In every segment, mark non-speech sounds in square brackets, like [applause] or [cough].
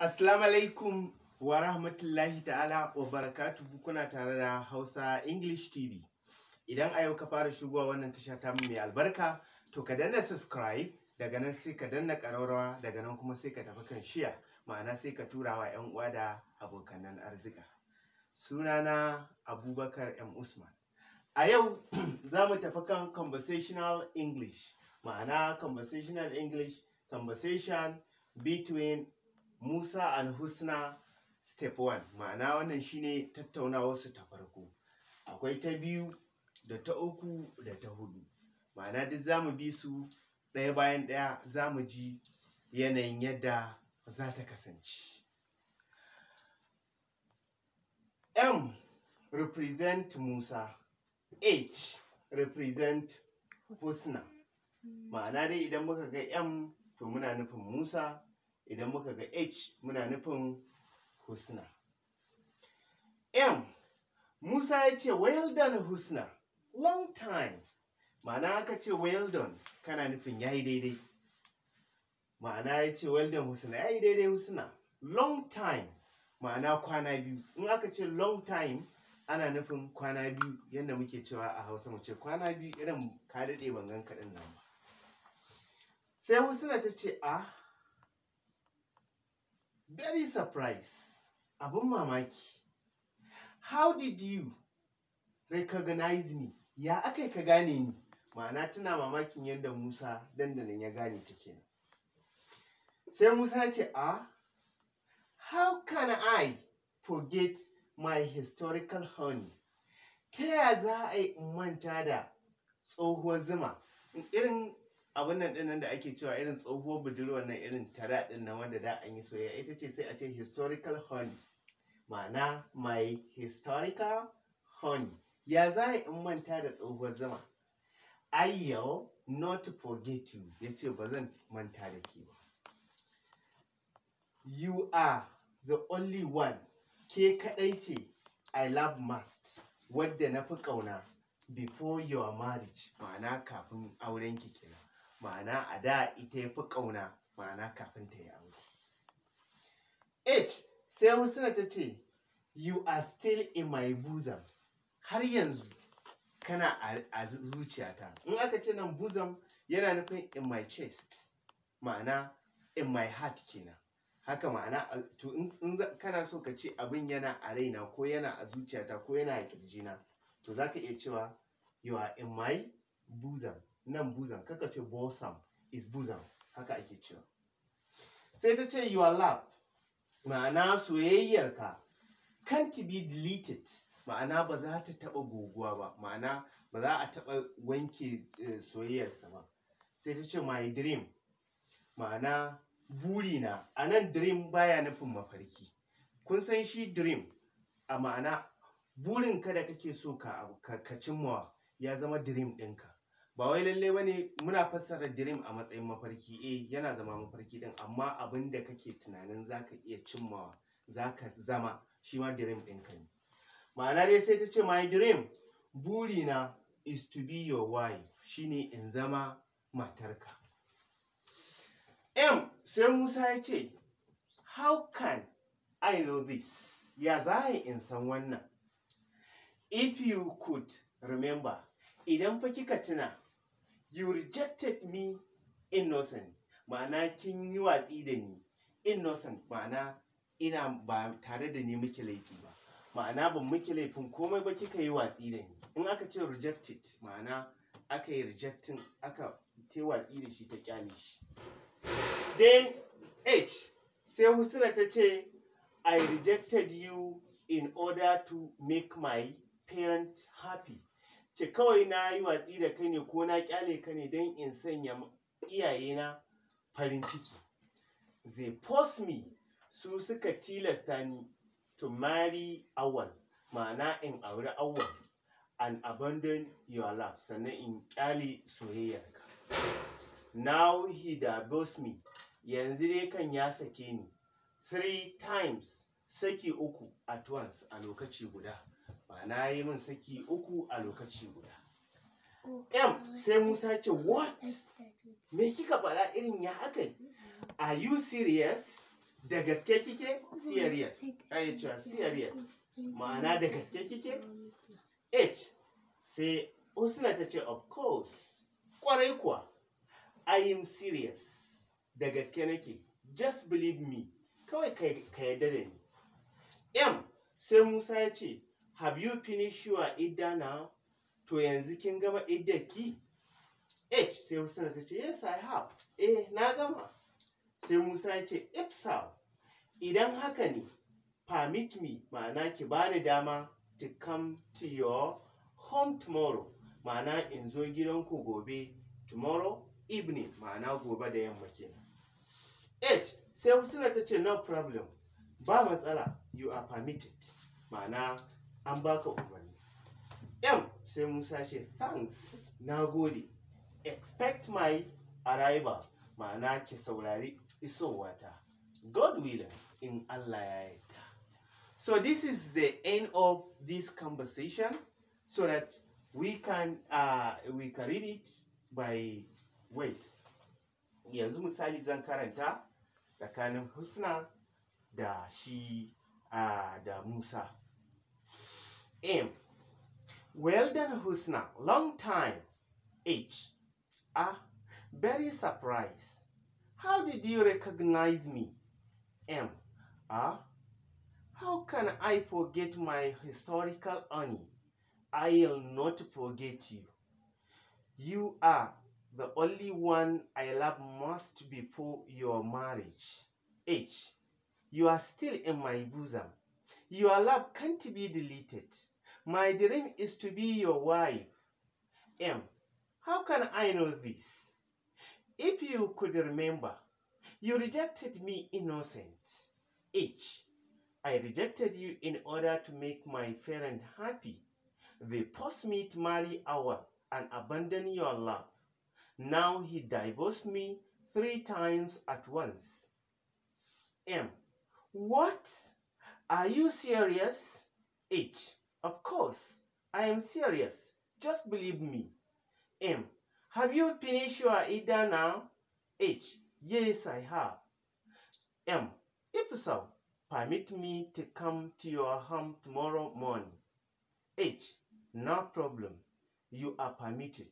Assalamu alaikum wa rahmatullahi ta'ala wa barakatuhu kuna tare da Hausa English TV. Idan a yau ka fara shigowa wannan tasha ta mai albarka, to ka danna subscribe daga nan sai ka danna ƙararrawa daga nan kuma sai ka tafi kan shiya ma'ana sai ka tura wa 'yan uwa da abokanan arzika. Sunana Abubakar M. Usman. A yau [clears throat] za mu tafi kan conversational English ma'ana conversational English conversation between Musa al husna step 1 ma'ana wannan shine su ta farko akwai ta biyu da ta uku da ta hudu ma'ana duk zamu bi su ɗaya bayan ɗaya zamu ji yanayin yadda za ta kasance m represent musa h represent husna ma'ana dai idan muka ga m to muna nufin musa idan muka ga h muna nufin husna m musa ya ce well done husna long time ma'ana aka ce well done kana nufin ya yi daidai ma'ana ya ce well done husna ya yi daidai husna long time ma'ana kwana biyu in aka ce long time ana nufin kwana biyu yadda muke cewa a hausa mu ce kwana biyu irin ka daɗe ban gan kaɗin nan ba sai husna ta ce a ah, very surprised abun mamaki how did you recognize me ya aka ka gane ni ma'ana tana mamakin yadda musa dandanan ya gane ta kenan sai musa ce ah. how can i forget my historical honey ta ya za a yi manta da tsohuwar zuma irin abin nan din da ake cewa irin tsohuwar budurwar na irin tara din nan wanda da an yi soyayya ita ce sai a ce historical honey ma'ana my historical honey ya za in manta da tsohuwar zama I will not forget you ya ce ba zan manta da ke ba you are the only one ke kaɗai ce I love must wadda na fi ƙauna before your marriage ma'ana kafin aurenki kenan ma'ana a da ita ya fi ƙauna ma'ana kafin ta yi aure h sai husna ta ce you are still in my bosom har yanzu kana a zuciyata in aka ce nan bosom yana nufin in my chest ma'ana in my heart kenan haka ma'ana to in kana so ka ce abin yana a raina ko yana a zuciyata ko yana a kirjina to zaka iya cewa you are in my bosom nan buzan kaka ce bosom is buzan haka ake cewa sai ta ce your love ma'ana soyayyarka can't be deleted ma'ana ba za ta taba goguwa ba ma'ana ba za a taba wanke eh, soyayyarsa ba sai ta ce my dream ma'ana burina a nan dream baya nufin mafarki kun san shi dream a ma'ana burinka da kake so ka cimmawa ya zama dream ɗinka ba wai lalle bane muna fassara dream a matsayin mafarki eh yana zama mafarki din amma abin da kake tunanin zaka iya cimmawa zaka zama shi ma dream din ka ne ma'ana dai sai ta ce my dream Buri na is to be your wife shine in zama matarka m sai musa ya ce how can i know this ya zai in san wannan if you could remember idan fa kika tuna you rejected me innocent ma'ana kin yi watsi da ni innocent ma'ana ina ba tare da ni muke laifi ba ma'ana ban muke laifin komai ba kika yi watsi da ni in aka ce rejected ma'ana aka yi rejecting aka ta watsi da shi ta kyale shi then h sai husna ta ce i rejected you in order to make my parents happy ce kawai na yi watsi da kai ne ko na kyale ka ne don in sanya iyayena farin ciki they force me su suka tilasta ni to marry awal ma'ana in auri awal and abandon your love sannan in kyale soyayyarka now he divorced me yanzu dai kan ya sake ni three times saki uku at once a lokaci guda ma'ana yi min saki uku a lokaci guda m sai musa ce what me kika faɗa irin ya haka are you serious da gaske kike serious ai cewa serious ma'ana da gaske kike h sai usna ta ce of course kwarai kuwa i am serious da gaske nake just believe me kawai ka yarda da ni m sai musa ya ce have you finished your idda now to yanzu kin gama iddar ki h eh, sai husna ta ce yes i have eh na gama sai musa ya ce if so. idan haka ne permit me ma'ana ki bani dama to come to your home tomorrow ma'ana in zo gidanku gobe tomorrow evening ma'ana gobe da yamma kenan h eh, sai husna ta ce no problem ba matsala you are permitted ma'ana an baka umarni m sai musa ce thanks na gode expect my arrival ma'ana ki saurari isowata god willing in allah ya yarda so this is the end of this conversation so that we can uh, we can read it by ways yanzu misali zan karanta tsakanin husna da shi uh, da musa M. Well done, Husna. Long time. H. Ah, very surprised. How did you recognize me? M. Ah, how can I forget my historical honor? I'll not forget you. You are the only one I love most before your marriage. H. You are still in my bosom. Your love can't be deleted. My dream is to be your wife. M. How can I know this? If you could remember, you rejected me innocent. H. I rejected you in order to make my parent happy. They post me to marry our and abandon your love. Now he divorced me three times at once. M. What? Are you serious? H. Of course, I am serious. Just believe me. M. Have you finished your Ida now? H. Yes, I have. M. If so, permit me to come to your home tomorrow morning. H. No problem. You are permitted.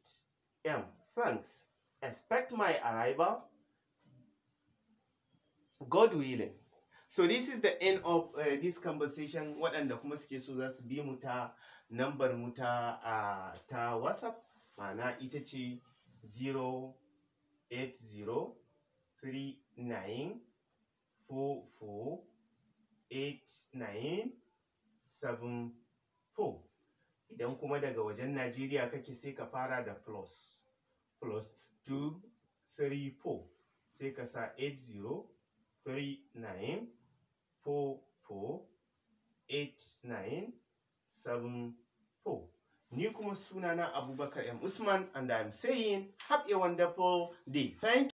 M. Thanks. Expect my arrival. God willing. So this is the end of uh, this conversation waɗanda kuma suke so za su bi mu ta nambar mu ta uh, ta WhatsApp ma'ana ita ce 08039448974 idan kuma daga wajen Najeriya kake sai ka fara da plus plus 234 sai ka sa 80 three nine four four eight nine seven four. Ni kuma sunana Abubakar M. Usman and I'm saying have a wonderful day. Thank you.